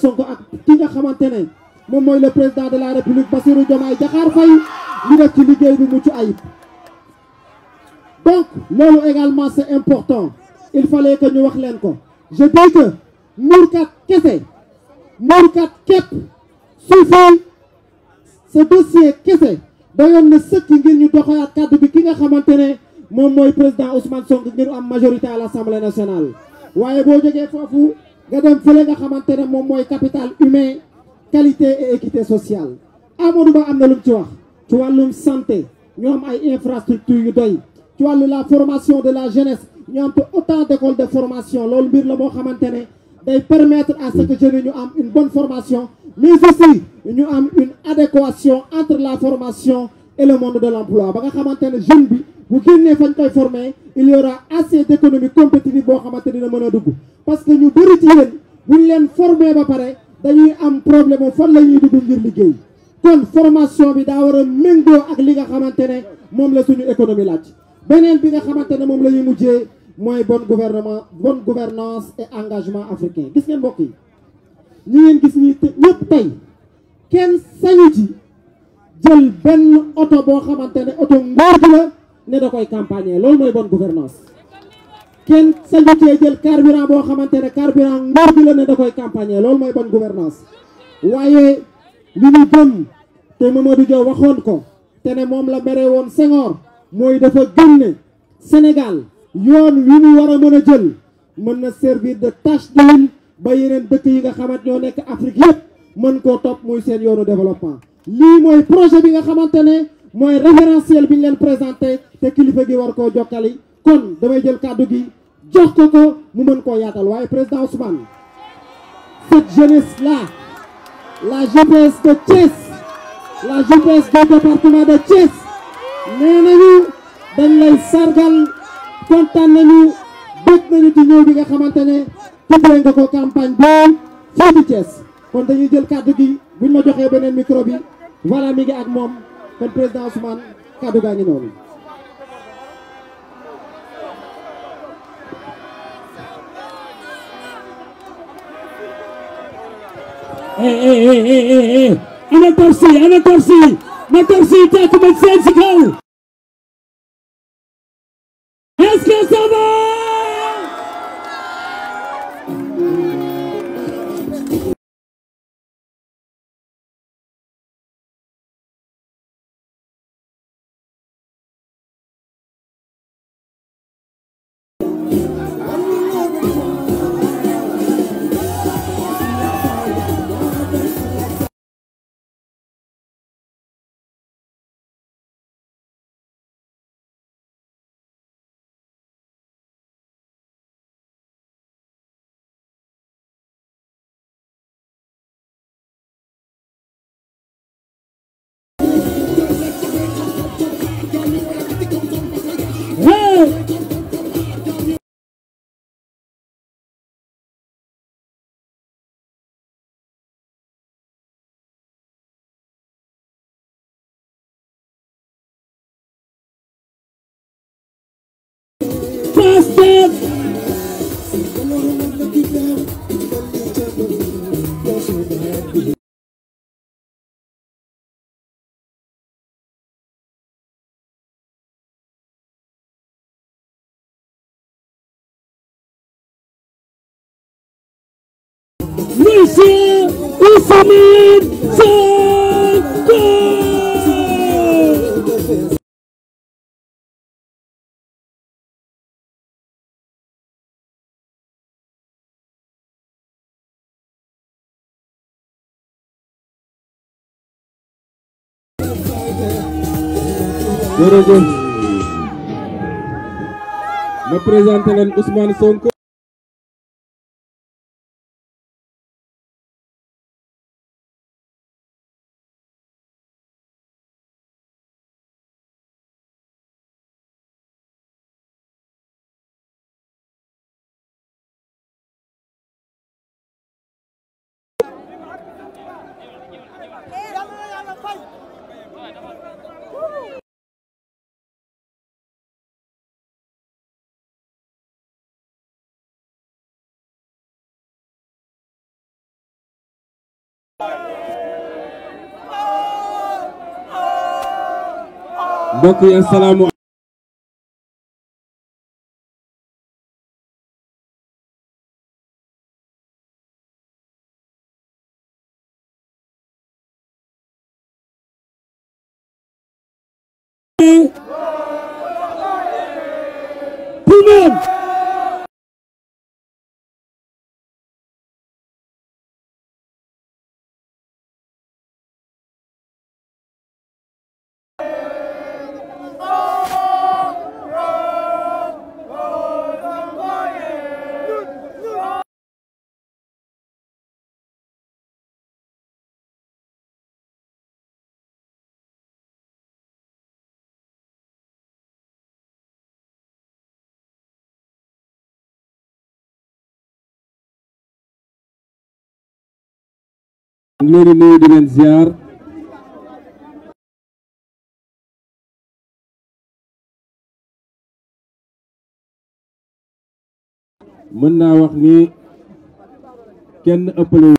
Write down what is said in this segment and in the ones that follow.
Sonko ak ki nga xamante ne moom mooy le président de la république Bassirou Diomaye Diakhar Faye ñu def ci liggéey bi mucc ayib donc loolu également c'est important il fallait que ñu wax leen ko je dis que muurkat kese muurkat képp suufal ce dossier kese dayoon na sëkk ngir ñu doxaat kàddu bi ki nga xamante ne moom mooy président Ousmane Sonko ngir am majorité à l'Assemblée nationale waaye boo jógee foofu nga dem fële nga xamante ne moom mooy capital humain qualité et équité sociale Amadou Ba am na lu mu ci wax ci wàllum santé ñu am ay infrastructures yu doy ci wàllu la formation de la jeunesse ñu am autant d'écoles de formation loolu mbir la moo xamante ne day permettre à ce que jeunes ñu am une bonne formation mais aussi ñu am une adéquation entre la formation et le monde de l'emploi ba nga xamante ne jeune bi bu génnee fañ koy former il y aura assez d'économie compétitive boo xamante ni dina mën a dugg parce que ñu bëri ci yéen buñ leen former ba pare dañuy am problème o fan la ñuy dugg ngir liggéey kon formation bi daa war a méngoo ak li nga xamante ne moom la suñu économie laaj beneen bi nga xamante ne moom la ñuy mujjee mooy bon gouvernement bonne gouvernance et engagement africain gis ngeen mbokk yi ñi ngeen gis ñi ñëpp tey kenn sañu ci jël benn oto boo xamante ne oto nguur gi ne da koy campagne loolu mooy bonne gouvernance kenn sañu cee jël carburant boo xamante ne carburant nguur gi la ne da koy campagne loolu mooy bonne gouvernance waaye li ñu gëm te Mamadou Dia waxoon ko te ne moom la mere woon Senghor mooy dafa gëm ne Sénégal yoon wi ñu war a mën a jël mën na servir de tâche d'huile ba yeneen dëkk yi nga xamante ñoo nekk Afrique yëpp mën koo topp muy seen yoonu développement lii mooy projet bi nga xamante ne mooy référentiel bi ñu leen présenté te kilifa gi war koo jokkali kon damay jël kàddu gi jox ko ko mu mën koo yaatal waaye président Ousmane cette jeunesse là la jeunesse de Thiès la jeunesse du département de Thiès nee nañu dañ lay sargal kontaan nañu bëgg nañu ci ñëw bi nga xamante ne tuddee nga ko campagne bi fii di kon dañuy jël kàddu gi buñ ma joxee beneen micro bi voilà mi ngi ak moom kon président Ousmane kàddu gaa ngi noonu. Eh, eh, eh, ana Tafsir ana Tafsir na Tafsir tàkk ma seen si kaw. est-ce que ça va. Ousmane Sonko jërëjëf ma présenté leen Ousmane Sonko mbokk yi asalaamu ñu leen di nuyu di leen ziar. mën naa wax ni kenn ëppale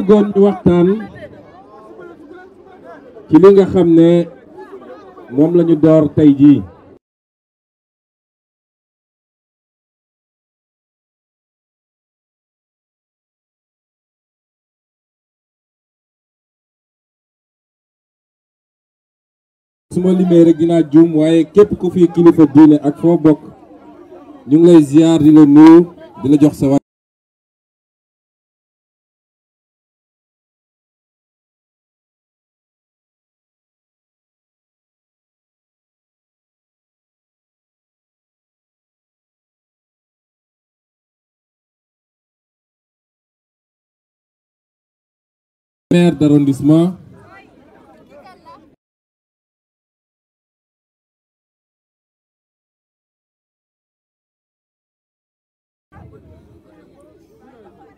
bëggoon ñu waxtaan ci li nga xam ne moom la ñu jii su limee rek juum waaye képp ku fi kilifa diine ak foo bokk ñu ngi lay ziar di la nuyu di jox sa maire d'arrondissement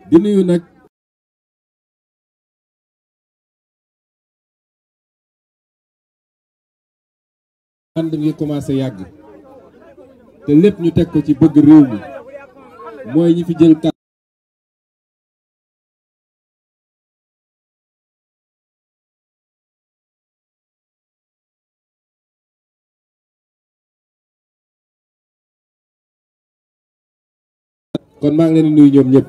di nuyu nag ànd ngi commencé yàgg te lépp ñu teg ci bëgg réew mi mooy ñi fi jël kon maa ngi leen di nuyu ñoom ñëpp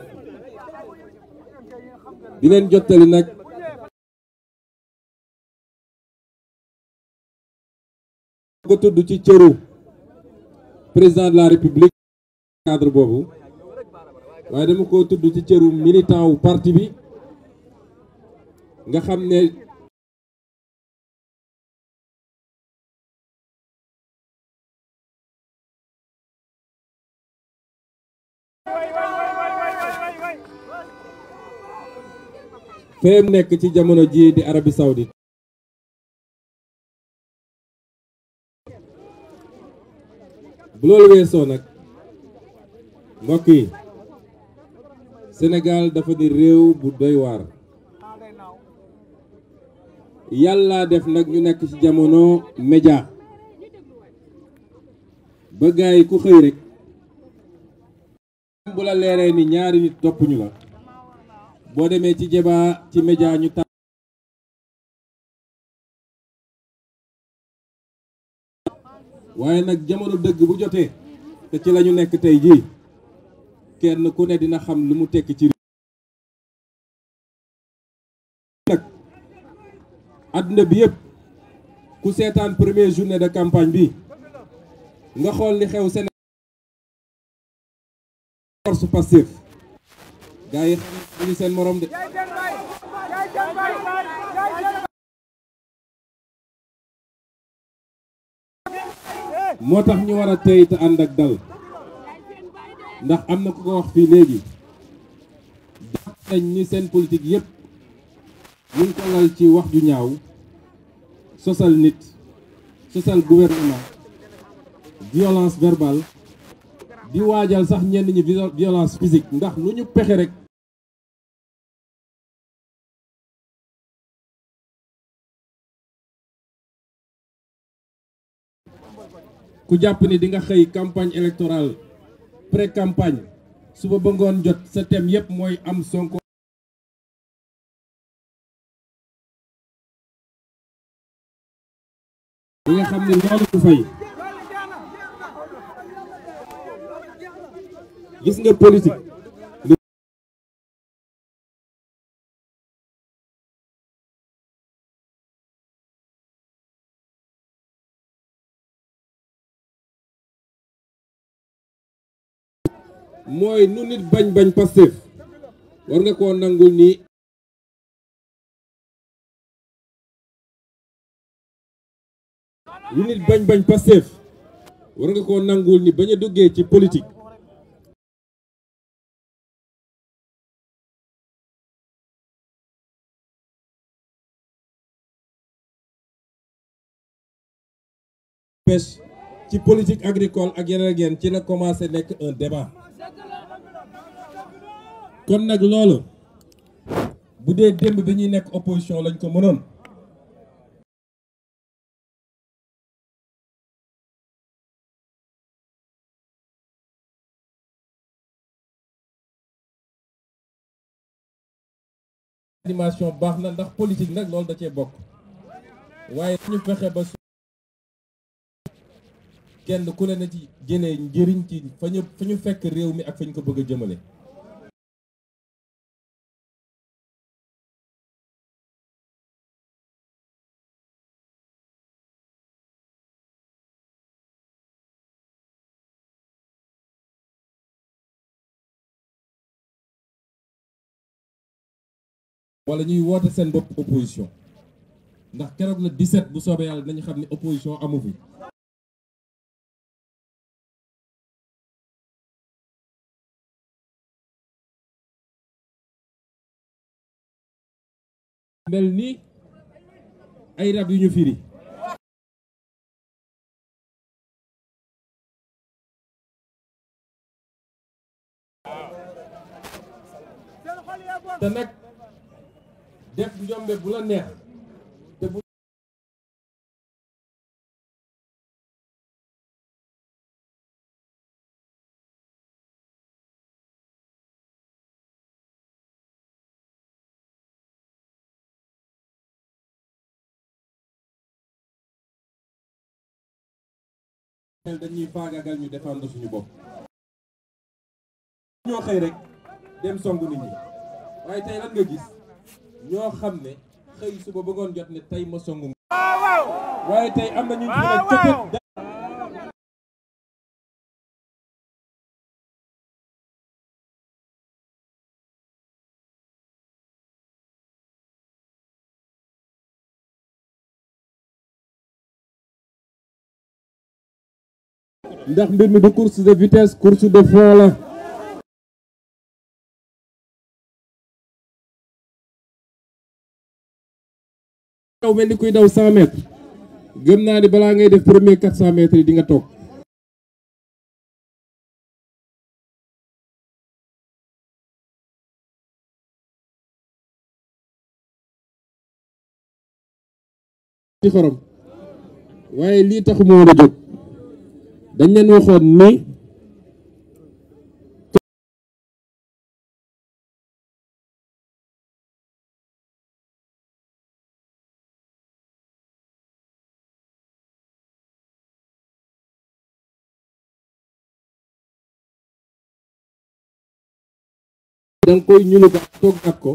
di jottali nag ko tudd ci cëru président la république cadre boobu waaye dama ko tudd ci cëru militant wu parti bi nga xam ne fee nekk ci jamono ji di arabi Saoudite bu loolu weesoo nag mbokk yi senegal dafa di réew bu doy waar yàlla def nag ñu nekk ci jamono média ba gaay ku xëy rek bu la leeree ni ñaari nit toppuñu la boo demee ci débat ci média ñu tax waaye nag jamono dëgg bu jotee te ci lañu nekk tey jii kenn ku ne dina xam lu mu tekk ci nag àdduna bi yëpp ku seetaan première journée de campagne bi nga xool li xew Sénégal gaa ñu seen morom moo tax ñu war a tey te ànd ak dal ndax am na ku ko wax fi léegi daf nañ ni seen politik yépp ñu ko lal ci wax ju ñaaw sosal nit sosal gouvernement violence verbale di waajal sax ñenn ñi violence physique ndax lu ñu pexe rek ku jàpp ni di nga xëy campagne électorale pré campagne suba ba ngoon jot sa thème yépp mooy am Sonko li nga xam ne loolu du fay gis nga politique mooy nu nit bañ bañ Pastef war nga koo nangul ni bañ duggee ci politique ci politique agricole ak yeneen ak yeneen ci la commencé nekk un débat kon nag loolu budee dee démb bi ñuy nekk opposition lañu ko mënoon animation baax na ndax politique nag loolu da cee bokk waaye kenn ku ne ci jëlee njëriñ ci fekk réew mi ak fa ko bëgg a wala ñuy woote seen bopp opposition ndax keroog la 17 bu soobee yàlla nañu xam ne opposition amu fi mel ni ay rab yu ñu firi te nag def njombe bu la neex dañuy faagaagal ñu défendre suñu bopp ñoo xëy rek dem songu nit ñi waaye tey lan nga gis ñoo xam ne xëy suba bëggoon jot ne tey ma songu waaye tey am na ñu ñu ne ndax mbir mi du course de vitesse course de fond la daw ni kuy daw 100 mètres gëm naa ni balaa ngay def premier 400 mètres toog ci xorom waaye lii taxu moo a jóg dañ leen waxoon ni da nga koy ñunu ko toog ak ko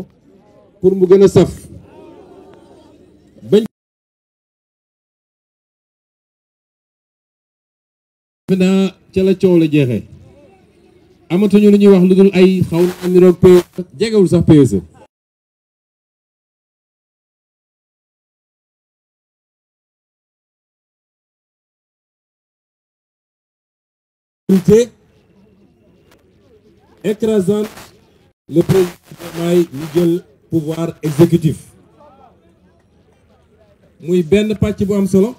pour mu gën a saf président ca la coow la jeexee amatuñu lu ñuy wax lu dul ay xaw na am niroog PSE jegewul sax PSE majorité écrasante le président Diomaye ñu jël pouvoir exécutif muy benn pàcc bu am solo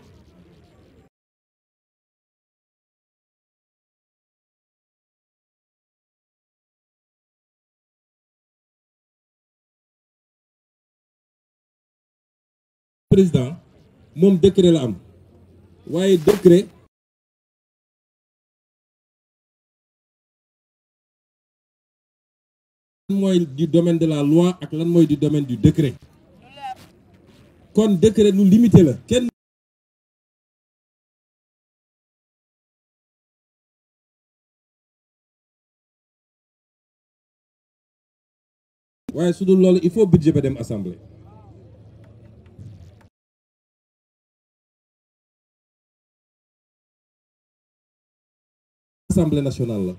président moom décret la am waaye décret lan du domaine de la kon décret lu limité la kenn waaye su loolu il faut budget ba dem assemblée assemblée nationale la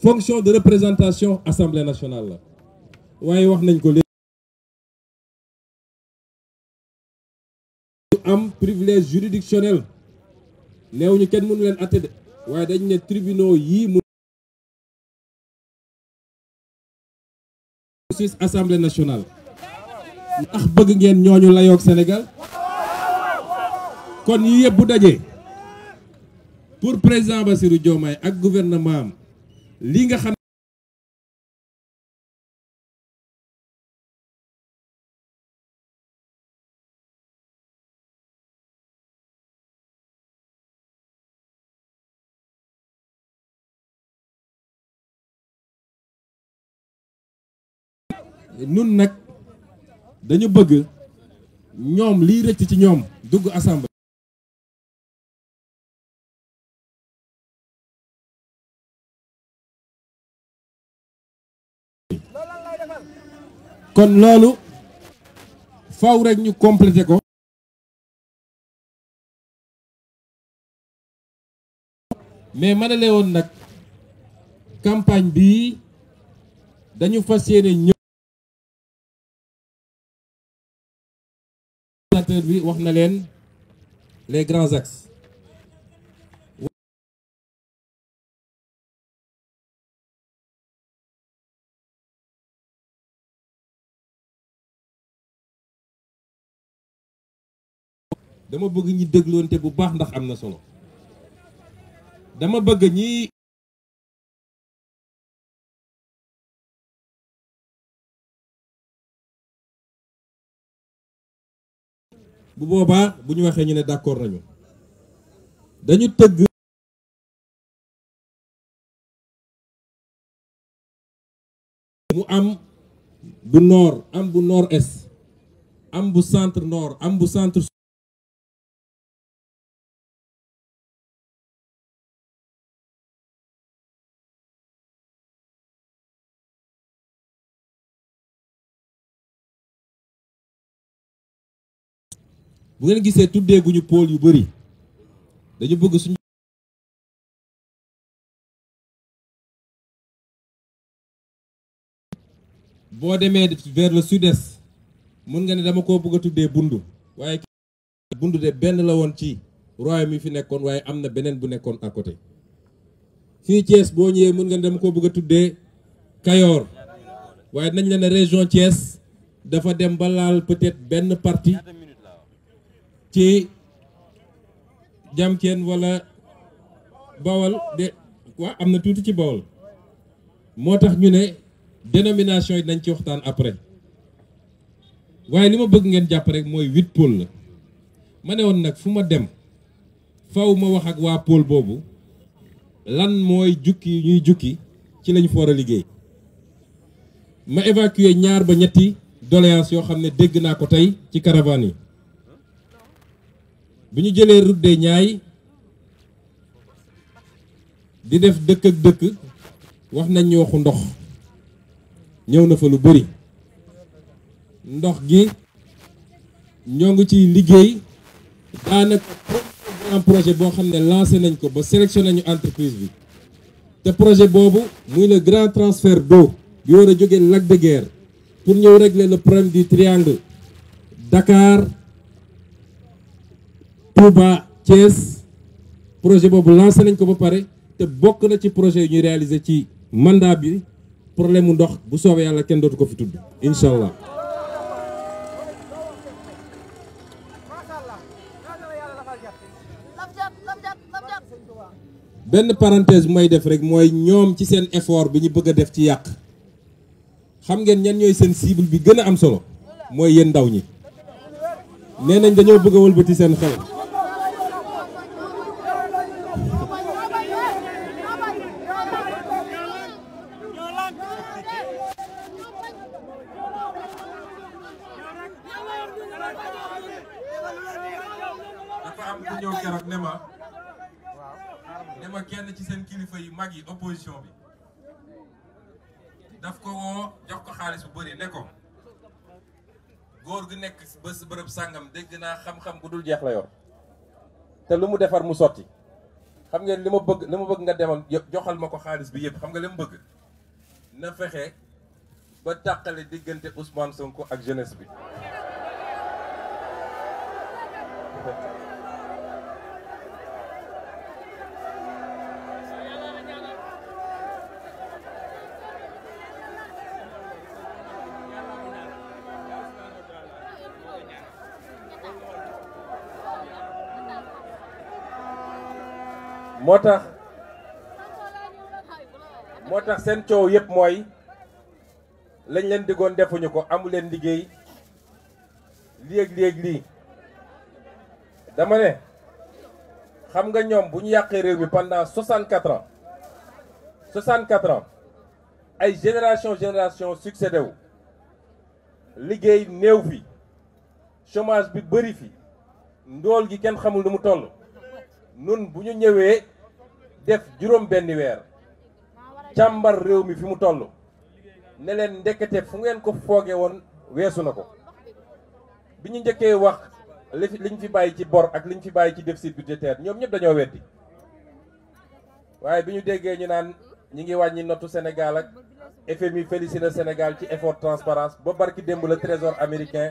fonction de représentation assemblée nationale la waaye wax nañ ko léegi am privilège juridictionnel neew ñu kenn mënu leen atte de waaye dañ ne tribunaux yii mu sis assemblée nationale ndax bëgg ngeen ñooñu layoog Sénégal kon yi yëpp bu dajee pour président Bassirou Diomaye ak gouvernement am li nga xam nun nag dañu bëgg ñoom liy rëcc ci ñoom dugg assemblée kon loolu faw rek ñu complété ko mais ma nag campagne bi dañu fas yéene ñëw bi wax na leen les grands axes dama bëgg ñi dégloonte bu baax ndax am na solo dama bëgg ñi bu boobaa bu ñu waxee ñu ne d'accord nañu dañu tëgg mu am bu nord am bu nord est am bu centre nord am bu centre bu ngeen gisee tuddee gu ñu pôle yu bari dañu bëgg suñu boo demee vers le sud-est mun nga ne dama ko bëgg a tuddee bundu waaye bundu de benn la woon ci royaume yi fi nekkoon waaye am na beneen bu nekkoon à côté fii Thiès boo ñëwee mun nga ne dama koo bëgg tuddee Kayoor waaye nañ la ne région Thiès dafa dem ba laal peut benn partie ci Jamkéen wala Bawol de waa am na tuuti ci Bawol moo tax ñu ne dénomination yi nañ ci waxtaan après waaye li ma bëgg ngeen jàpp rek mooy huit pôle la ma ne woon nag fu ma dem faw ma wax ak waa pôle boobu lan mooy jukki ñuy jukki ci lañu foor a liggéey ma évacuer ñaar ba ñetti doléance yoo xam ne dégg naa ko tey ci caravane yi bi ñu jëlee route des Niayes di def dëkk ak dëkk wax nañ ñu waxu ndox ñëw na fa lu bëri ndox gi ñoo ngi ciy liggéey daanaka grand projet boo xam ne lancé nañ ko ba sélectionné nañu entreprise bi te projet boobu muy le grand transfert do bi war jóge jógee lac de Guiers pour ñëw régler le problème du triangle Dakar Touba Thiès projet boobu lancé nañ ko ba pare te bokk na ci projet yu ñu réaliser ci mandat bi problème mu ndox bu soobee yàlla kenn dootu ko fi tudd incha allah. benn parenthèse bu may def rek mooy ñoom ci seen effort bi ñu bëgg a def ci yàq xam ngeen ñan ñooy seen cible bi gën a am solo mooy yéen ndaw ñi nee nañ dañoo bëgg a wëlbati seen xel. yi opposition bi daf ko woo jox ko xaalis bu bari ne ko góor gi nekk ba bërëb sàngam dégg naa xam-xam bu dul jeex la yor te lu mu defar mu sotti xam ngeen li ma bëgg li ma bëgg nga demal joxal ma ko xaalis bi yëpp xam nga li ma bëgg na fexe ba tàqale diggante Ousmane Sonko ak jeunesse bi. moo tax moo tax seen coow yëpp mooy lañ leen diggoon defuñu ko amu leen liggéey léeg-léeg lii dama ne xam nga ñoom bu ñu yàqee réew mi pendant 64 ans 64 ans ay génération génération succédé liggéey néew fi chômage bi bëri fi ndool gi kenn xamul nu mu toll nun bu ñu ñëwee def juróom benni weer càmbar réew mi fi mu toll ne leen fu ngeen ko fooge woon weesu na ko bi ñu njëkkee wax li liñ fi bàyyi ci bor ak liñ fi bàyyi ci déficit budgétaire ñoom ñëpp dañoo weddi waaye bi ñu déggee ñu naan ñi ngi wàññi nottu Sénégal ak FMI félicité Sénégal ci effort transparence ba barki démb la trésor américain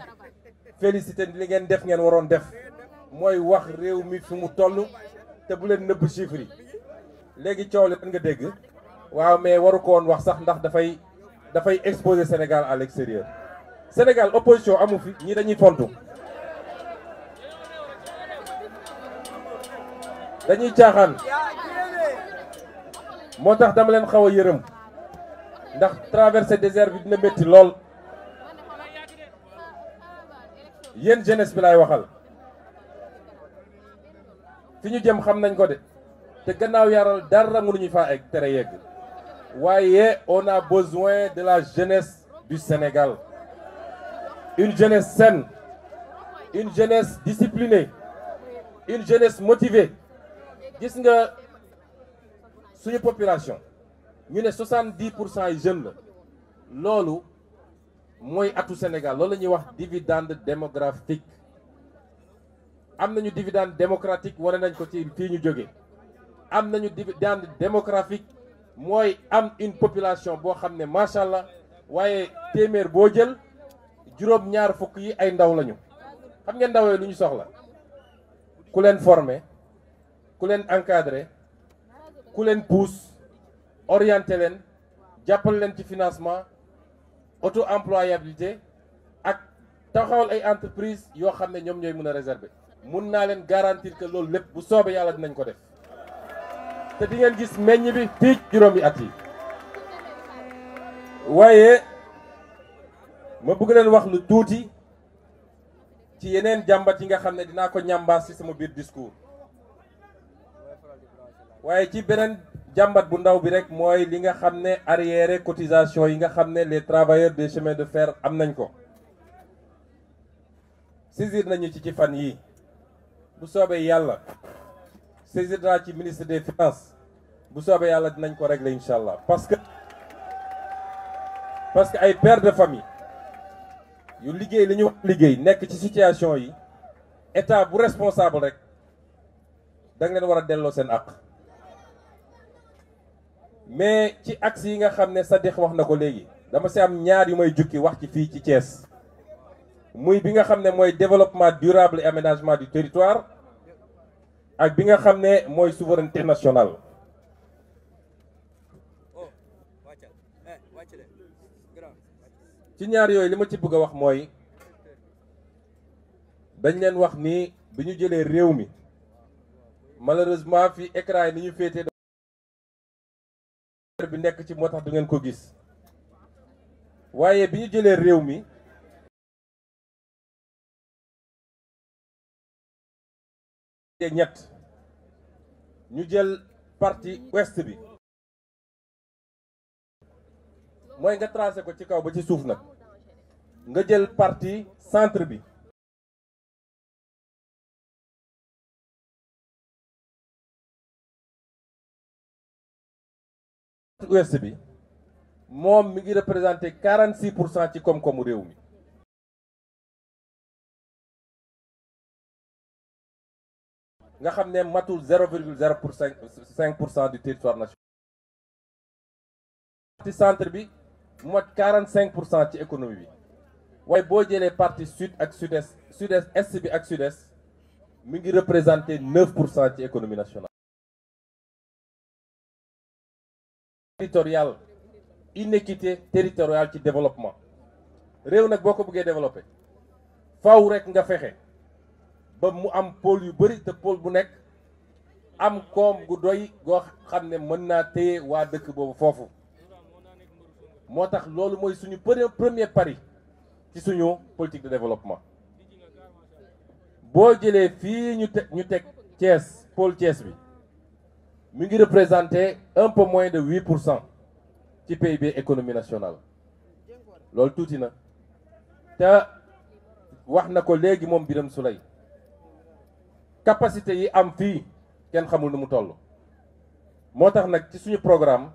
félicité li ngeen def ngeen waroon def mooy wax réew mi fi mu toll te bu leen nëbb chiffres léegi coow li nga dégg waaw mais waru ko woon wax sax ndax dafay dafay exposé Sénégal à l'extérieur Sénégal opposition amul fi ñi dañuy fontu dañuy caaxaan moo tax dama leen xaw a yërëm ndax traversé désert bi dina métti lool yéen jeunesse bi laay waxal fi ñu jëm xam nañ ko de te gannaaw yaral dara mënuñu faa egg tere yegg waaye on a besoin de la jeunesse du Sénégal une jeunesse saine une jeunesse disciplinée une jeunesse motivée gis nga suñu population ñu ne 70 pour cent yi jeunes la loolu mooy atu Sénégal loolu la ñuy wax dividende démographique am nañu dividende démocratique wane nañ ko ci fii ñu jóge am nañu dividende démographique mooy am une population boo xam ne macha allah waaye téeméer boo jël juróom ñaar fukk yi ay ndaw lañu xam ngeen ndaw lu ñu soxla ku leen former ku leen encadrer ku leen pousse orienter leen jàppal leen ci financement auto employabilité ak taxawal ay entreprise yoo xam ne ñoom ñooy mën a réserver mun naa leen garantir que loolu lépp bu soobee yàlla dinañ ko def. te di ngeen gis meññ bi fii juróomi at yi waaye ma bëgg leen wax lu tuuti ci yeneen jàmbat yi nga xam ne dinaa ko ñambaas ci sama biir discours waaye ci beneen jàmbat bu ndaw bi rek mooy li nga xam ne arriéré cotisation yi nga xam ne les travailleurs des chemins de fer am nañ ko saisir nañu ci ci fan yi bu soobee yàlla saisir naa ci ministre des finances bu soobee yàlla dinañ ko régler incha allah parce que parce que ay pères de famille yu liggéey li ñu wax liggéey nekk ci situation yi état bu responsable rek da nga leen war a delloo seen àq mais ci axe yi nga xam ne Sadikh wax na ko léegi dama si am ñaar yu may jukki wax ci fii ci Thiès muy bi nga xam ne mooy développement durable et aménagement du territoire ak bi nga xam ne mooy souveraineté nationale oh, eh, ci ñaar yooyu lima ci bëgg a wax mooy dañ leen wax ni bi ñu jëlee réew mi malheureusement fi écran yi ni ñu féete bi nekk ci moo tax du ngeen ko gis waaye bi ñu jëlee réew mi ñett ñu jël parti ouest bi mooy nga tracé ko ci kaw ba ci suuf nag nga jël parti centre bi ouest bi moom mi ngi représenté 46 pour cent ci koom-koomu réew mi nga xam ne matul zéro virgule pour cinq cinq pour cent du territoire national partie centre bi mot quarante cinq pour cent ci économie bi waaye boo jëlee partie sud ak sud-est sud-est est bi ak sud-est mi ngi représenté neuf pour cent ci économie nationale territorial inéquité territoriale ci développement réew nag boo ko bëggee développe faw rek nga fexe ba mu am pôle yu bëri te pôle bu nekk am koom gu doy goo xam ne mën naa téye waa dëkk boobu foofu moo tax loolu mooy suñu premier pari ci suñu politique de développement boo jëlee fii ñu teg ñu teg Thiès pôle Thiès bi mu ngi représenter un peu moins de huit pour cent ci bi économie nationale loolu tuuti na te wax na ko léegi moom Birame Souleye capacité yi am fii kenn xamul nu mu toll moo tax nag ci suñu programme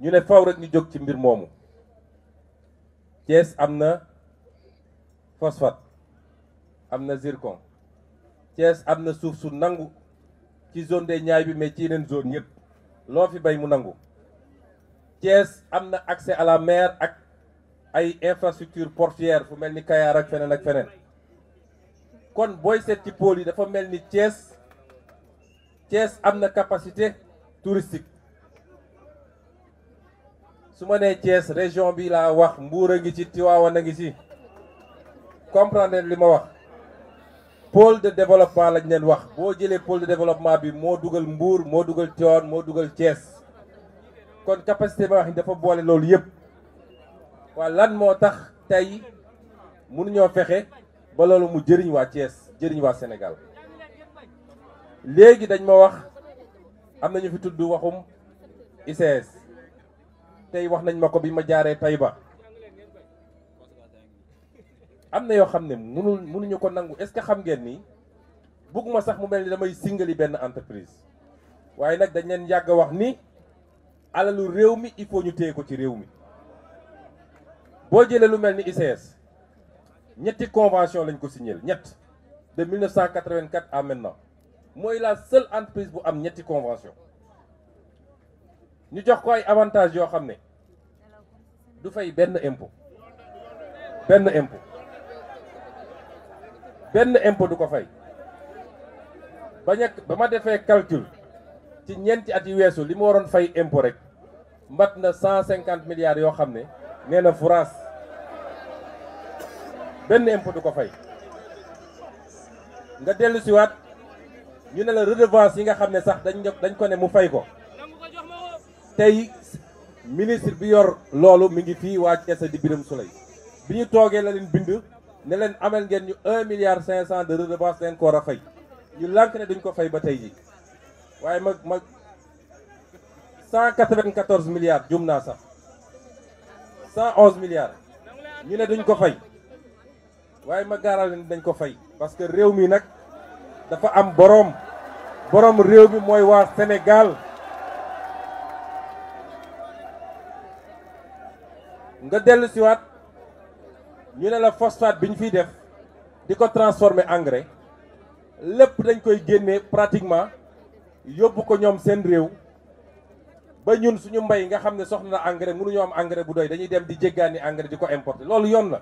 ñu ne faw rek ñu jóg ci mbir moomu Thiès am na phosphate am na zircon Thiès am na suuf su nangu ci zone des ñaay bi mais ci yeneen zone yëpp loo fi bay mu nangu Thiès am na accès à la mer ak ay infrastructure portuaire fu mel ni Kayar ak feneen ak feneen kon booy seet ci pôle yi dafa mel ni Thiès cees am na capacité touristique su ma nee cees région bi laa wax mbuur a ngi ci Tivaouane a ngi ci comprendre li ma wax pôle de développement lañ leen wax boo jëlee pôle de développement bi moo dugal Mbour moo dugal Tivaouane moo dugal Thiès kon capacité ba wax ni dafa boole loolu yëpp waa lan moo tax tey mënuñoo fexe ba mu jëriñ waa Thiès jëriñ waa senegal léegi dañ ma wax am nañu fi tudd waxum ICS tey wax nañ ma ko bi ma jaaree Taïba am na yoo xam ne mënul mënuñu ko nangu est-ce que xam ngeen ni bugguma sax mu mel ni damay singali benn entreprise waaye nag dañ leen yàgg wax ni alalu réew mi il faut ñu téye ko ci réew mi boo jëlee lu mel ni ICS ñetti convention lañ ko signé ñett de 1984 à maintenant mooy la seule entreprise bu am ñetti convention ñu jox ko ay avantages yoo xam ne du fay benn impôt benn impôt benn impôt du ko fay ba ñekk ba ma defee calcul ci ñeenti at yi weesu li mu waroon fay impôt rek mbat na 150 milliards yoo xam ne nee na France. benn impôt du ko fay nga dellu siwaat ñu ne la redevance yi nga xam ne sax dañ dañ ko ne mu fay ko tey ministre bi yor loolu mi ngi fii waa Cees di Birame Souleye bi ñu toogee la leen bind ne leen amel ngeen ñu un milliard cinq cent de redevance leen ko war a fay ñu lànk ne duñ ko fay ba tey ji waaye mag mag cent quatre-vingt-quatorze milliards jum naa sax cent onze milliards ñu ne duñ ko fay waaye ma gaaral leen dañ ko fay parce que réew mi nag dafa am boroom boroom réew mi mooy waa senegal nga dellu siwaat ñu ne la phosphate bi ñu fiy def di ko transformer engrais lépp dañ koy génnee pratiquement yóbbu ko ñoom seen réew ba ñun suñu mbay nga xam ne soxla na engrais mënuñoo am engrais bu doy dañuy dem di jéggaani engrais di ko importer loolu yoon la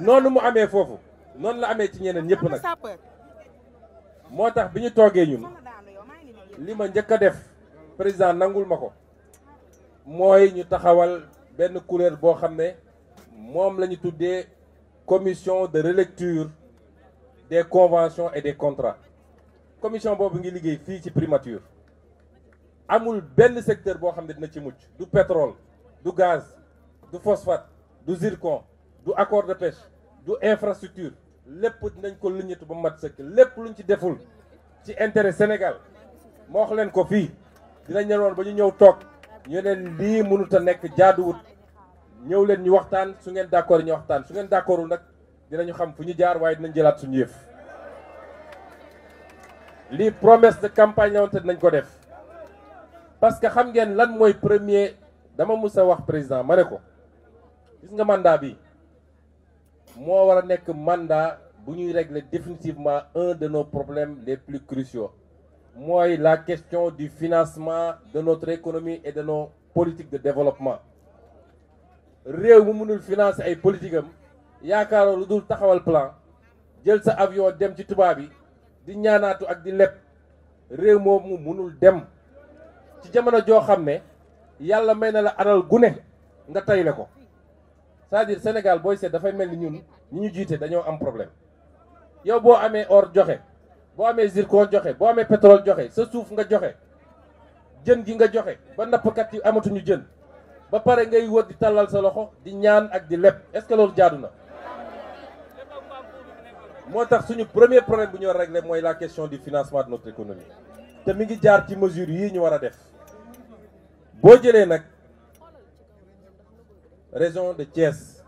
noonu mu amee foofu noonu la amee ci ñeneen ñëpp nag moo tax bi ñu toogee ñun li ma njëkk a def président nangul ma ko mooy ñu taxawal benn kuréel boo xam ne moom la ñu tuddee commission de relecture des conventions et des contrat commission boobu ngi liggéey fii ci primature amul benn secteur boo xam ne dina ci mucc du pétrole du gaz du phosphate du zircon du accord de pêche du infrastructure lépp dinañ ko liñatu ba mu mat sëkk lépp luñ ci deful ci intérêt Sénégal moo wax leen ko fii dinañ ne woon ba ñu ñëw toog ñu yeneen lii mënut a nekk jaaduwut ñëw leen ñu waxtaan su ngeen d'accord ñu waxtaan su ngeen d'accordul nag dinañu xam fu ñu jaar waaye dinañ jëlaat suñu yëf lii promesse de campagne la wante dinañ ko def parce que xam ngeen lan mooy premier dama musa wax président ma ne ko gis nga mandat bi moo war a nekk mandat bu ñuy régler définitivement un de nos problèmes les plus cruciaux mooy la question du financement de notre économie et de nos politiques de développement réew mu mënul financer ay politiquem am yaakaaroo lu dul taxawal plan jël sa avion dem ci tubaab yi di ñaanaatu ak di leb réew moomu mënul dem ci jamono joo xam ne yàlla may na la alal gune nga tayle ko saa à Sénégal booy seet dafay mel ni ñun ñi ñu jiite dañoo am problème yow boo amee or joxe boo amee zircon joxe boo amee pétrole joxe sa suuf nga joxe jën gi nga joxe ba nappkat yi amatuñu jën ba pare ngay wër di tàllal sa loxo di ñaan ak di leb est-ce que loolu jaadu na moo tax suñu premier problème bu ñu war a régler mooy la question du financement de notre économie te mi ngi jaar ci mesure yii ñu war a def boo jëlee nag région de Thiès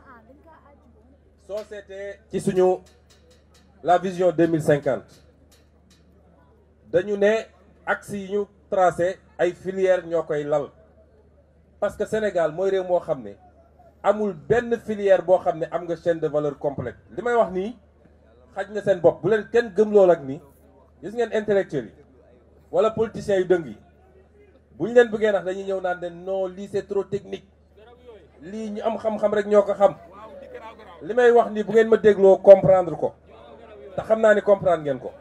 soo seetee ci suñu la vision 2050 dañu ne axes yi ñu tracé ay filières ñoo koy lal parce que Sénégal mooy réew moo xam ne amul benn filière boo xam ne am nga chaine de valeur complète li may wax nii xaj na seen bopp bu leen kenn gëm lool ak ni gis ngeen intellectuel yi wala politiciens yu dëng yi bu leen bëggee nax dañuy ñëw naa ne non lii trop technique lii ñu am xam-xam rek ñoo ko xam li may wax nii bu ngeen ma dégloo comprendre ko te xam naa ni comprendre ngeen ko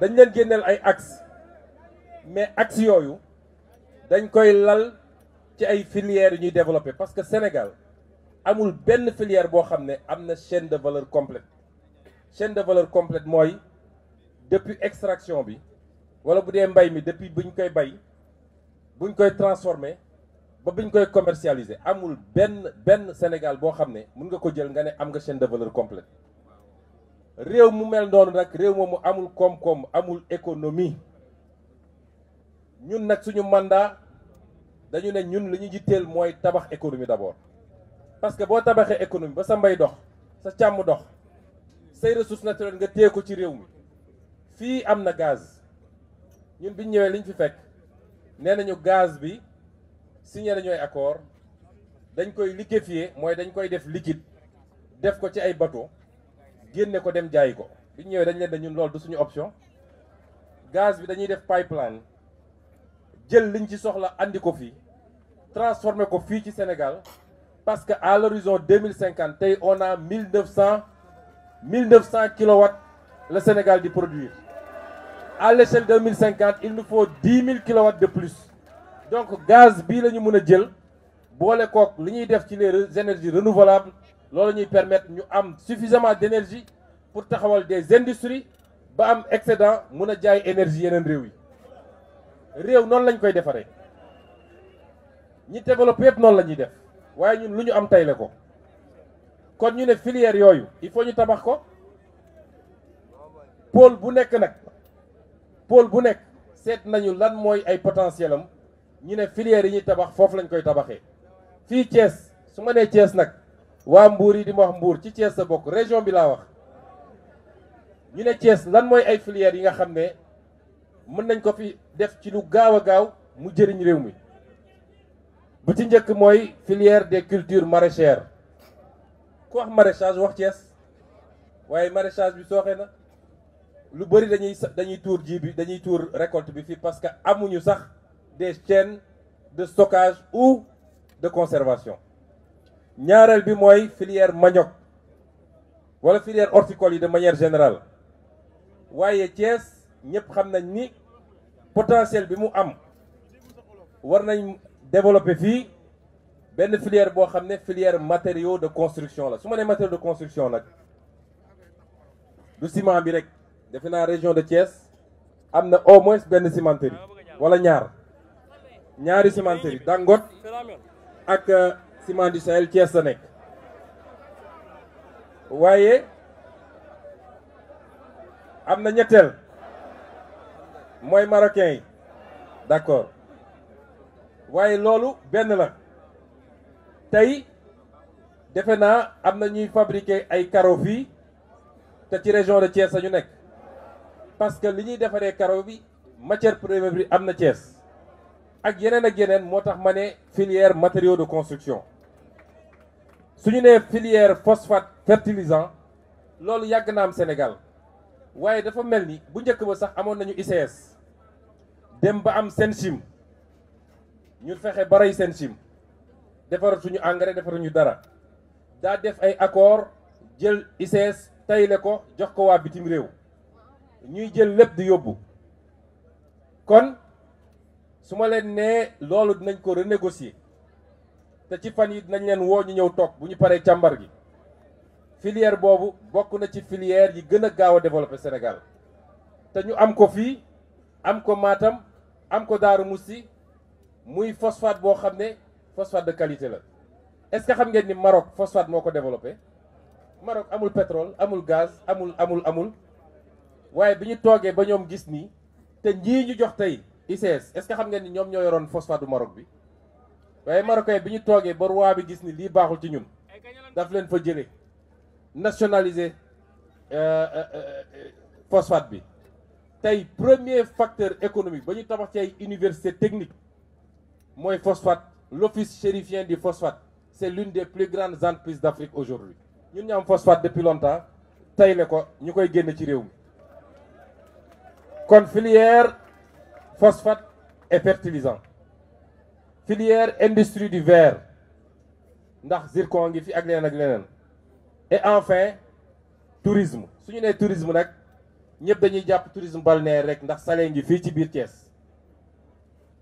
dañ leen génneel ay axe mais axe yooyu dañ koy lal ci ay filières yu ñuy développé parce que Sénégal amul benn filière boo xam ne am na chaîne de valeur complète chaîne de valeur complète mooy depuis extraction bi wala bu dee mbay mi depuis buñ koy bay buñ koy transformé ba biñ koy commercialiser amul benn benn Sénégal boo xam ne mën nga ko jël nga ne am nga chaîne de valeur complète réew mu mel noonu nag réew mu amul koom-koom amul économie ñun nag suñu mandat dañu ne ñun li ñu jitteel mooy tabax économie d'abord parce que boo tabaxee économie ba sa mbay dox sa càmm dox say ressources naturelles nga téye ko ci réew mi fii am na gaz ñun biñ ñëwee liñ fi fekk nee nañu gaz bi signé la ñooy accord dañ koy liquéfier mooy dañ koy def liquide def ko ci ay bateau génne ko dem jaay ko bi ñëwee dañ leen dañu loolu du suñu option gaz bi dañuy def pipeline jël liñ ci soxla andi ko fii transformer ko fii ci Sénégal parce que à l'horizon 2050 tey on a 1900 1900 kilowatts le Sénégal di produire à l'échelle 2050 il nous faut 10 000 kilowatts de plus donc gaz bii la ñu mën a jël boole kook li ñuy def ci les énergies renouvelables loolu ñuy permettre ñu am suffisament d'énergie pour taxawal des industries ba am excédent mën a jaay énergie yeneen réew yi réew noonu lañ koy defaree ñi développé noonu la ñuy def waaye ñun lu ñu am tey ko kon ñu ne filière yooyu il faut ñu tabax ko pôle bu nekk nag pôle bu nekk seet nañu lan mooy ay potentiel am ñu ne filière yi ñuy tabax foofu lañ koy tabaxee fii Thiès su ma nee Thiès nag waa Mbour yi di ma wax Mbour ci Thiès sa bokk région bi laa wax ñu ne Thiès lan mooy ay filières yi nga xam ne mën nañ ko fi def ci lu gaaw a gaaw mu jëriñ réew mi bu ci njëkk mooy filière des cultures maraîchères ku wax maraîchage wax Thiès waaye maraîchage bi sooxe na lu bëri dañuy sa dañuy tuur ji bi dañuy tuur récolte bi fii parce que amuñu sax des chaînes de stockage ou de conservation ñaareel bi mooy filière manioc wala filière horticole yi de manière générale waaye Thiès ñëpp xam nañ ni potentiel bi mu am war nañ développer fii benn filière boo xam ne filière matériaux de construction la su ma nee matériaux de construction nag du ciment bi rek defe naa région de Thiès am na au moins benn cimenterie wala ñaar ñaari cimenterie Dangote ak euh, Ciments du Sahel Thiès la nekk waaye am na ñetteel mooy marocain yi d'accord waaye loolu benn la tey defe naa am na ñuy fabriquer ay carreaux fii te ci région de Thiès la ñu nekk parce que li ñuy defaree carreaux bi matière première bi am na Thiès ak yeneen ak yeneen moo tax ma ne filière matériaux de construction su ñu nee filière phosphate fertilisant loolu yàgg na am Sénégal waaye dafa mel ni bu njëkk ba sax amoon nañu ICS dem ba am Senchim ñu fexe ba rey Senchim defaratuñu engrais defaratuñu dara daa def ay accord jël ICS tayle ko jox ko waa bitim réew ñuy jël lépp di yóbbu kon su ma leen nee loolu dinañ ko renégocier te ci fan yi dinañ leen woo ñu ñëw toog bu ñu paree càmbar gi filière boobu bokk na ci filière yi gën a gaaw a développé Sénégal te ñu am ko fii am ko maatam am ko Daaru Musti muy phosphate boo xam ne phosphate de qualité la est-ce que xam ngeen ni Maroc phosphate moo ko développé Maroc amul pétrole amul gaz amul amul amul waaye bi ñu toogee ba ñoom gis nii te ñii ñu jox tey ICS est-ce que xam ngeen ni ñoom ñoo yoroon phosphate du Maroc bi waaye marocain bi ñu toogee ba roi bi gis ni lii baaxul ci ñun daf leen fa jëlee nationaliser euh, euh, euh, phosphate bi tey premier facteur économique ba ñu tabax ci ay université technique mooy phosphate l'office chérifien du phosphate c'est l'une des plus grandes entreprises d'Afrique aujourd'hui ñun ñu am phosphate depuis longtemps tey le ko ñu koy génne ci réew mi kon filière phosphate et fertilisant filière industrie du verre ndax zircon ngi fi ak leneen ak leneen et enfin tourisme su ñu nee tourisme nag ñëpp dañuy jàpp tourisme balnéaire rek ndax Salé ngi fii ci biir Thiès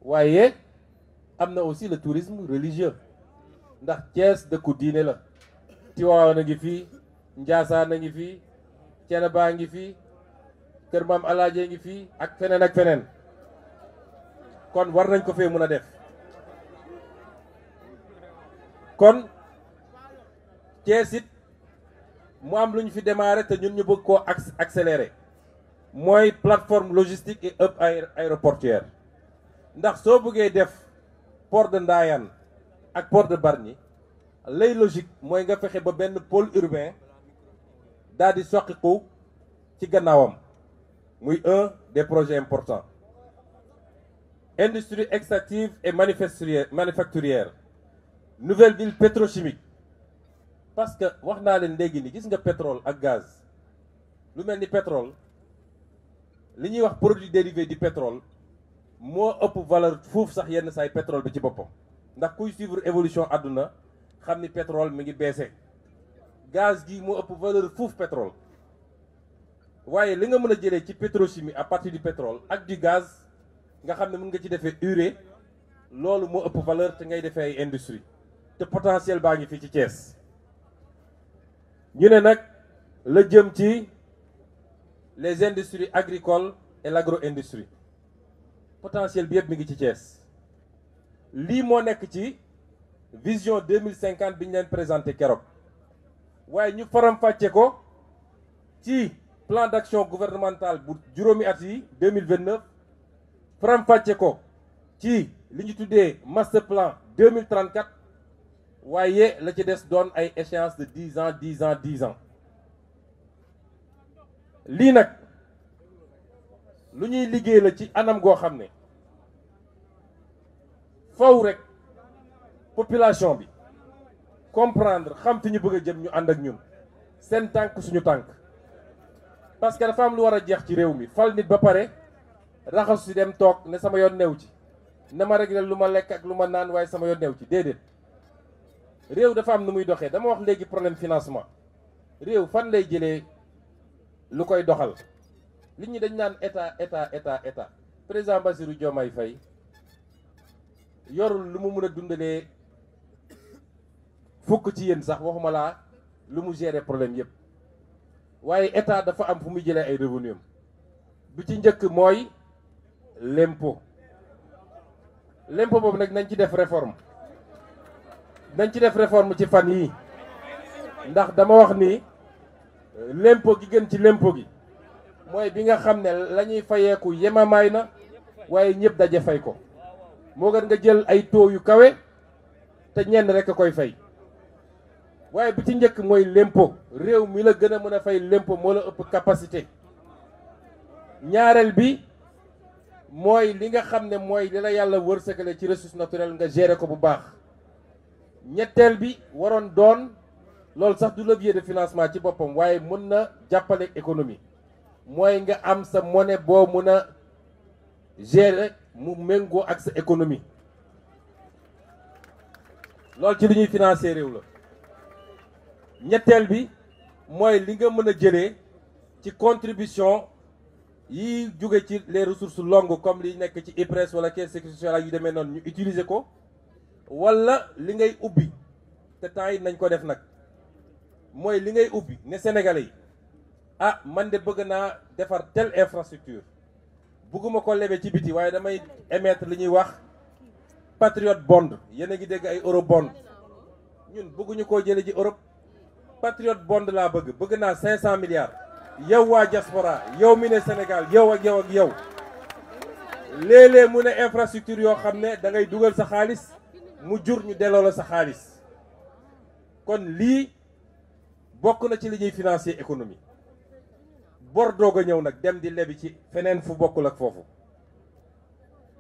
waaye am na aussi le tourisme religieux ndax Thiès dëkku diine la Tiwaawan a ngi fii Njaasaan a ngi fii Cenebaa ngi fii Kër Maam jee ngi fii ak feneen ak feneen kon war nañ ko fee mën a def kon Thiès it mu am lu ñu fi démarré te ñun ñu bëgg koo accéléré mooy plateforme logistique et hub aéroportuaire ndax soo bëggee def port de Ndayane ak port de Bargny lay logique mooy nga fexe ba benn pôle urbain daal di soqiku ci gannaawam muy un des projets importants industrie extractive et manufacturière nouvelle ville pétrochimique parce que wax naa leen léegi ni gis nga pétrole ak gaz lu mel ni pétrole li ñuy wax produit dérivé du pétrole moo ëpp valeur foofu sax yenn saay pétrole bi ci boppam ndax kuy suivre évolution àdduna xam ni pétrole mi ngi baissé gaz gi moo ëpp valeur foofu pétrole waaye li nga mën a jëlee ci pétrochimie à partie du pétrole ak du gaz nga xam ne mën nga ci defee ure loolu moo ëpp valeur te ngay defee ay industrie te potentiel baa ngi fii ci Thiès ñu ne nag la jëm ci les industries agricoles et l'agro-industrie potentiel bi yëpp mi ngi ci cees lii moo nekk ci vision 2050 bi ñu leen présenté keroog waaye ñu faram-fàcce ko ci plan d'action gouvernemental bu juróomi at yi 2029 faram-fàcce ko ci li ñu tuddee master plan 2034 waaye la ci des doon ay échéance de dix ans dix ans dix ans lii nag lu ñuy liggéey la ci anam goo xam ne faw rek population bi comprendre xam fi ñu bëgg a jëm ñu ànd ak ñun seen tànk suñu tànk parce que dafa am lu war a jeex ci réew mi fal nit ba pare raxasu si dem toog ne sama yoon new ci na ma réglé lu ma lekk ak lu ma naan waaye sama yoon new ci déedéet réew dafa am nu muy doxee dama wax léegi problème financement réew fan lay jëlee lu koy doxal li ñu dañ naan état état état état président Bassirou Diomaye fay yorul lu mu mën a dundalee fukk ci yéen sax waxuma laa lu mu gérer problème yëpp waaye état dafa am fu muy jëlee ay revenu bu ci njëkk mooy lempo l'impôt boobu nag nañ ci def réforme nañ ci def réforme ci fan yii ndax dama wax ni lempo gi gën ci lempo gi mooy bi nga xam ne lañuy ñuy fayeeku yemamaay na waaye ñëpp daje fay ko moo gën nga jël ay taux yu kawe te ñenn rek a koy fay waaye bi ci njëkk mooy lempo réew mi la gën a mën a fay lempo moo la ëpp capacité ñaareel bi mooy li nga xam ne mooy li la yàlla wërsëgale ci ressource naturelle nga gérer ko bu baax ñetteel bi waroon doon loolu sax du levier de financement ci boppam waaye mën na jàppale économie mooy nga am sa mone boo mën a gérer mu méngoo ak sa économie loolu ci li ñuy financé réew la ñetteel bi mooy li nga mën a jëlee ci contribution yi jóge ci les ressources longues comme li nekk ci IPRES wala caisse sécurité sociale yu demee noonu ñu utiliser ko walla li ngay ubbi te temps yi nañ ko def nag mooy li ngay ubbi ne sénégalais yi ah man de bëgg naa defar telle infrastructure bëgguma ko lebe ci biti waaye damay émettre li ñuy wax patriot bond yéen a ngi dégg ay euro bond ñun bëgguñu koo jële ji Europe patriot bond laa bëgg bëgg naa cinq cent milliards yow waa diaspora yow mi ne Sénégal yow ak yow ak yow léeg-léeg mu ne infrastructure yoo xam ne dangay dugal sa xaalis mu jur ñu delloo la sa xaalis kon lii bokk na ci li ñuy financer économie bor doog a ñëw nag dem di lebi ci feneen fu bokkul ak foofu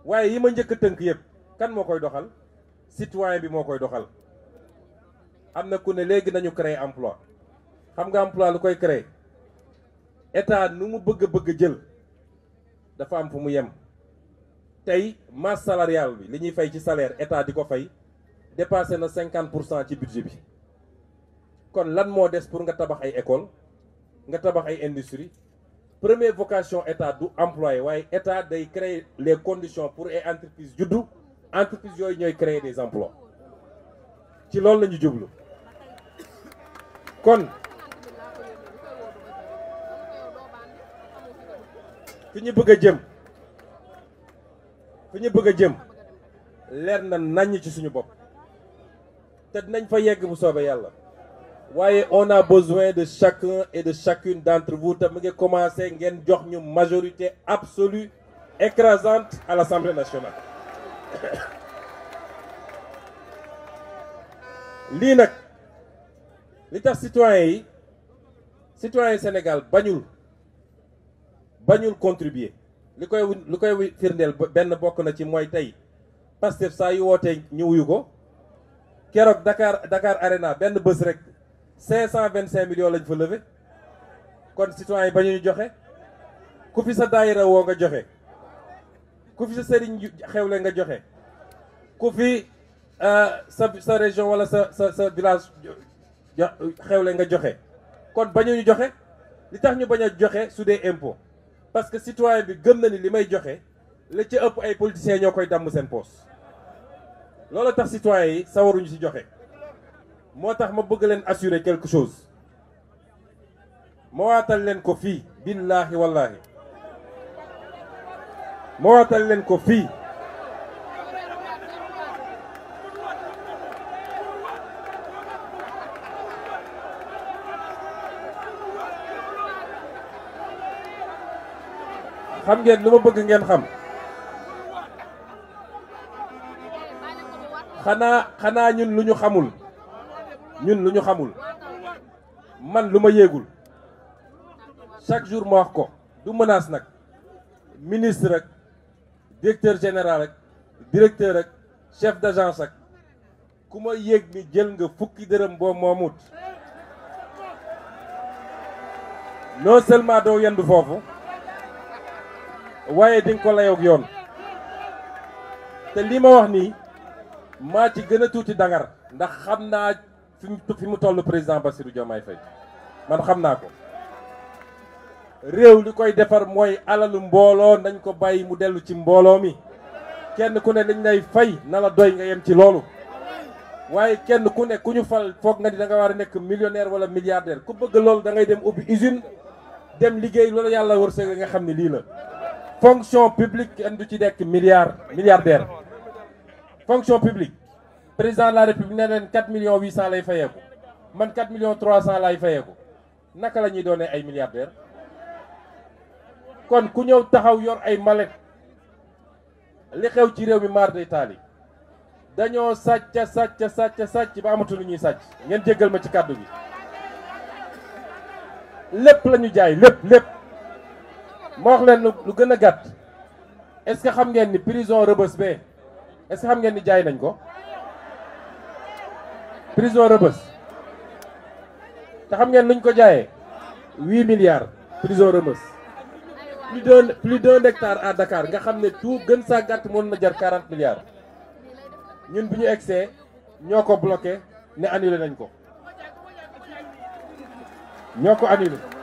waaye yi ma njëkk a tënk yëpp kan moo koy doxal citoyen bi moo koy doxal am na ku ne léegi nañu créer emploi xam nga emploi lu koy créer état nu mu bëgg a bëgg a jël dafa am fu mu yem tey masse salariale bi li ñuy fay ci salaire état di ko fay dépassé na cinquante pour cent ci budget bi kon lan moo des pour nga tabax ay école nga tabax ay industrie première vocation état du employé waaye état day créer les conditions pour ay entreprise juddu entreprise yooyu ñooy créer des emplois ci loolu la ñu jublu kon fi ñu bëgg a jëm fi ñu bëgg a jëm leer na naññ ci suñu bopp te dinañ fa yegg bu soobee yàlla waaye on a besoin de chacun et de chacune d'entre vous te mu ngi commencé ngeen jox ñu majorité absolue écrasante à l'Assemblée nationale lii nag li tax citoyens yi citoyens Sénégal bañul bañul contribuer li koy li koy firndeel benn bokk na ci mooy tey Pastef saa yu wootee ñu wuyu ko keroog dakaar Dakar Arena benn bés rek cinq cent vingt cinq millions lañ fa levé kon citoyen yi bañuñu joxe ku fi sa daayira nga joxe ku fi sa sëriñ nga joxe ku fi euh, sa région wala sa sa sa village xewle nga joxe kon bañuñu joxe li tax ñu bañ a joxe su dee impôt parce que citoyen bi gëm na ni li may joxe la ci ëpp ay politiciens ñoo koy damm seen poos loolu tax citoyen yi sawaruñu ci joxe moo tax ma bëgg leen assurer quelque chose ma waatal leen ko fii bin billaahi wallaahi ma waatal leen ko fii xam ngeen lu ma bëgg ngeen xam xanaa xanaa ñun lu ñu xamul ñun lu ñu xamul man lu ma yéegul chaque jour ma wax ko du menace nag ministre rek directeur général rek directeur rek chef d'agence ak ku ma yéeg ni jël nga fukki dërëm boo moomut noo seulement doo yendu foofu waaye di ko layoog yoon te lii ma wax nii maa ci gën a tuuti dangar ndax xam naa fi mu toll président Bassirou Diomaye Faye man xam naa ko réew li koy defar mooy alalu mbooloo nañ ko bàyyi mu dellu ci mbooloo mi kenn ku ne lañ lay fay na la doy nga yem ci loolu waaye kenn ku ne ku ñu fal foog nga ni da nga war a nekk millionnaire wala milliardaire ku bëgg loolu da ngay dem ubbi usine dem liggéey loolu yàlla wërsëg nga xam ni lii la fonction publique kenn du ci nekk milliard milliardaire fonction publique président la république ne leen 4 millions 800 lay fayeeku man million millions 300 lay fayeeku naka la ñuy doonee ay milliardaire kon ku ñëw taxaw yor ay mallette li xew ci réew mi maar day taali dañoo sàcc sàcc sàcc sàcc ba amatu lu ñuy sàcc ngeen jéggal ma ci kàddu gi lépp lañu jaay lépp lépp ma wax leen lu gën a gàtt est-ce que xam ngeen ni prison Rebeuss bee est xam ngeen ni jaay nañ ko prison Rebeuss te xam ngeen nuñ ko jaayee huit milliards prison Rebeuss plus d'un plus d'un hectare à Dakar nga xam ne tout gën saa gàtt mën na jar quarante milliards ñun bu ñu egsee ñoo ko bloqué ne annulé nañ ko ñoo ko anile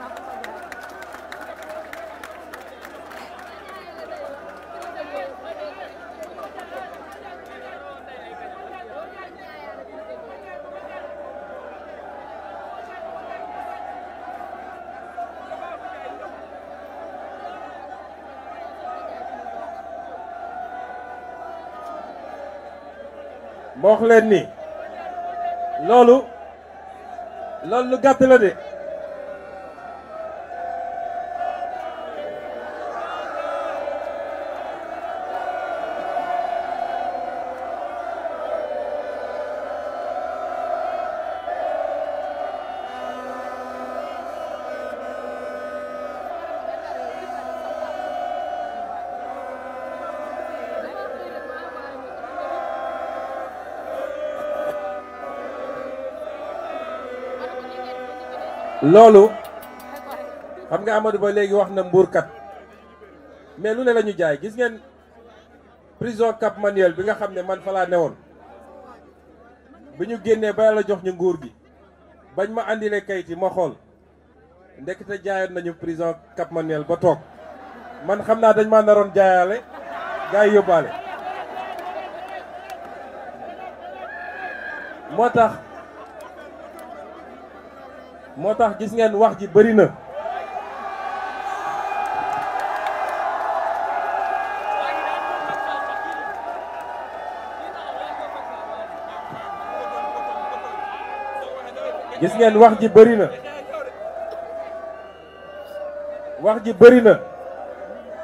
wax leen ni loolu loolu lu gàtt la de loolu xam nga Amadou Ba léegi wax na mbuurkat mais lu ne la ñu jaay gis ngeen prison Cap Manuel bi nga xam ne man fa laa woon bi ñu génnee ba la jox ñu nguur bi bañ ma andile kayit yi ma xool ndekete jaayoon nañu prison Cap Manuel ba toog man xam naa dañ ma naroon jaayaale gaa yi yóbbaale moo tax moo tax gis ngeen wax ji bëri na gis ngeen wax ji bëri na wax ji bëri na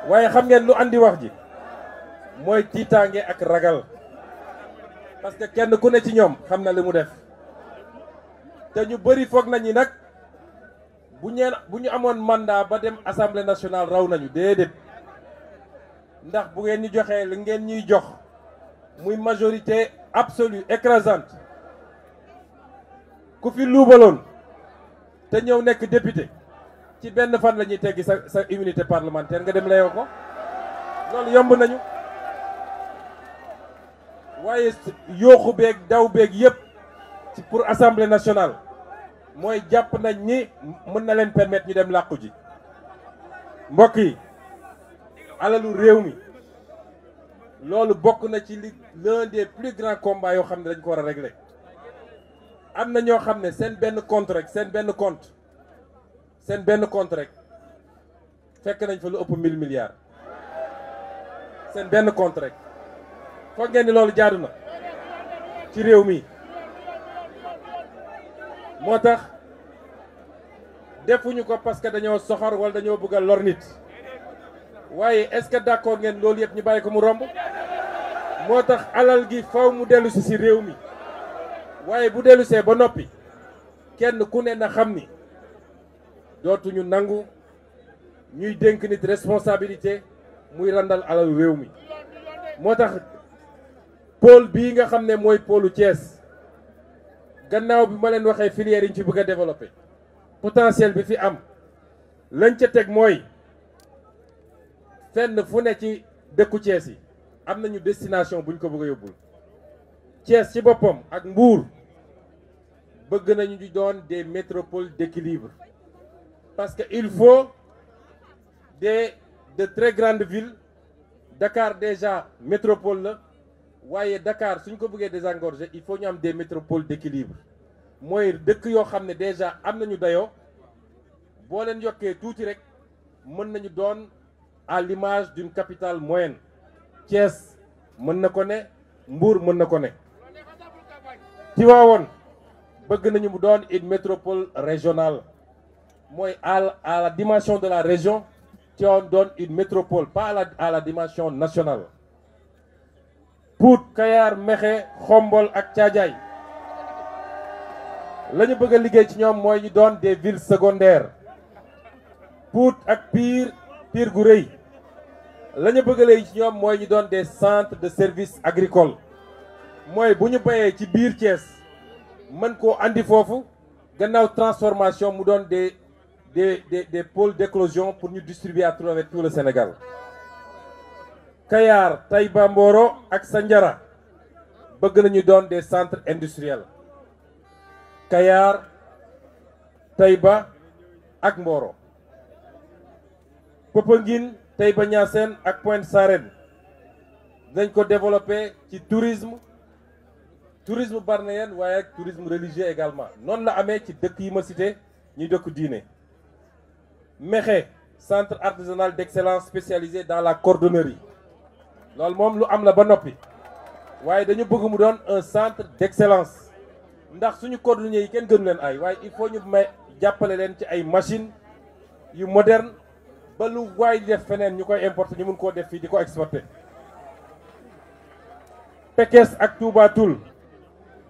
waaye xam ngeen lu indi wax ji mooy tiitaange ak ragal parce que kenn ku ne ci ñoom xam na li mu def te ñu bëri foog nañu nag bu ñeen bu ñu amoon mandat ba dem assemblée nationale raw nañu déedéet ndax bu ngeen ñu joxee li ngeen ñuy jox muy majorité absolue écrasante ku fi luubaloon te ñëw nekk député ci benn fan la ñuy teggi sa sa immunité parlementaire nga dem layoo ko loolu yomb nañu waaye yooxu beeg daw beeg yëpp ci pour assemblée nationale mooy jàpp nañ ni mën na leen permettre ñu dem làqu ji mbokk yi alalu réew mi loolu bokk na ci li l'un des plus grands combats yoo xam ne dañ ko war a régler am na ñoo xam ne seen benn compte rek seen benn compte seen benn compte rek fekk nañ fa lu ëpp mille milliards seen benn compte rek foog ngeen ni loolu jaadu na ci réew mi. moo tax defuñu ko parce que dañoo soxor wala dañoo bëgg a lor nit waaye est-ce que d'accord ngeen loolu yëpp ñu bàyyi ko mu romb moo tax alal gi faw mu dellusi si réew mi waaye bu dellu see ba noppi kenn ku ne na xam ni dootuñu nangu ñuy dénk nit responsabilité muy randal alal réew mi moo tax pôle bii nga xam ne mooy poolu cees gannaaw bi ma leen waxee filière yi ñu ci bëgg développe développer bi fi am lañ ca teg mooy fenn fu ne ci dëkku Thiès yi am nañu destination buñ ko bëgg a yóbbul Thiès ci boppam ak Mbour bëgg nañu di doon des métropoles d'équilibre parce que il faut des de très grandes villes Dakar déjà métropole la waaye Dakar suñ ko bëggee désengorger il faut ñu am des métropoles d'équilibre mooy dëkk yoo xam ne déjà am nañu dayoo boo leen yokkee tuuti rek mën nañu doon à l'image d'une capitale moyenne Thiès mën na ko ne Mbour mën na ko ne Tivaouane bëgg nañu mu doon une métropole régionale mooy à à la dimension de la région Tivaouane doon une métropole pas la à la dimension nationale Pout Kayar Mexe Xombol ak Caajaay la ñu bëgg liggéey ci ñoom mooy ñu doon des villes secondaires Pout ak Pire piir gu rëy la ñu bëgg a ci ñoom mooy ñu doon des centres de service agricole mooy bu ñu béyee ci biir Thiès mën ko indi foofu gannaaw transformation mu doon de des des des pôles d'éclosion pour ñu distribuer à travers tout le Sénégal Kayar Taïba Mboro ak sa njara bëgg nañu doon des centres industriels Kayar Taïba ak Mboro Popenguine Taïba Niassène ak Pointe Sarène dinañ ko développer ci tourisme tourisme balnéaire waaye ak tourisme religieux également noonu la amee ci dëkk yi ma cité ñuy dëkk diine Mékhé centre artisanal d'excellence spécialisé dans la cordonnerie loolu moom lu am la ba noppi waaye dañu bëgg mu doon un centre d'excellence ndax suñu cordonniers yi kenn gënu leen ay waaye il faut ñu may jàppale leen ci ay machines yu moderne ba lu waay def feneen ñu koy importer ñu mun koo def fii di ko exporter. Pekes ak Touba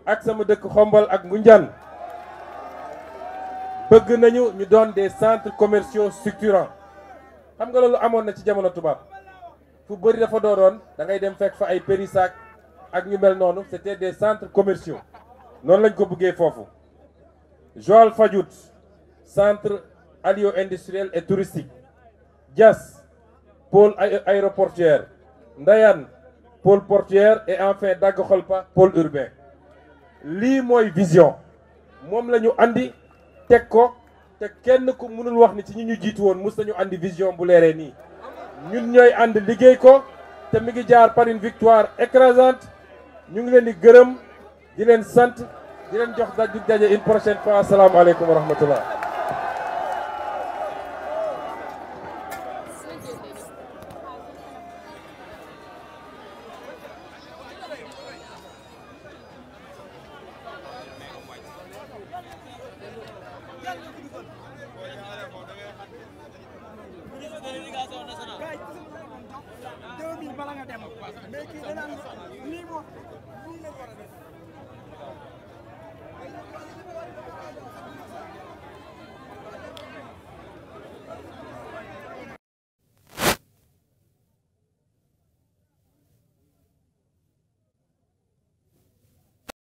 ak sama dëkk Xombal ak Ngunjaan bëgg nañu ñu doon des centre commerciaux structurants xam nga loolu amoon na ci jamono tubaab. fu bëri dafa dooroon da ngay dem fekk fa ay Périssac ak ñu mel noonu c'était des centres commerciaux noonu lañ ko bëggee foofu Joal Fadiouth centre alio industriel et touristique jas pôle aéroportuaire ndayaan pole portuaire et enfin Daga-Kholpa pôle urbain lii mooy vision moom lañu indi andi teg ko te kenn ku mënul wax ni ci ñi ñu jiitu woon mos nañu andi vision bu leeree nii ñun ñoy ànd liggéey ko te mi ngi jaar par une victoire écrasante ñu ngi leen di gërëm di leen sant di leen jox daj di daje une prochaine fois asalaamaaleykum wa rahmatullah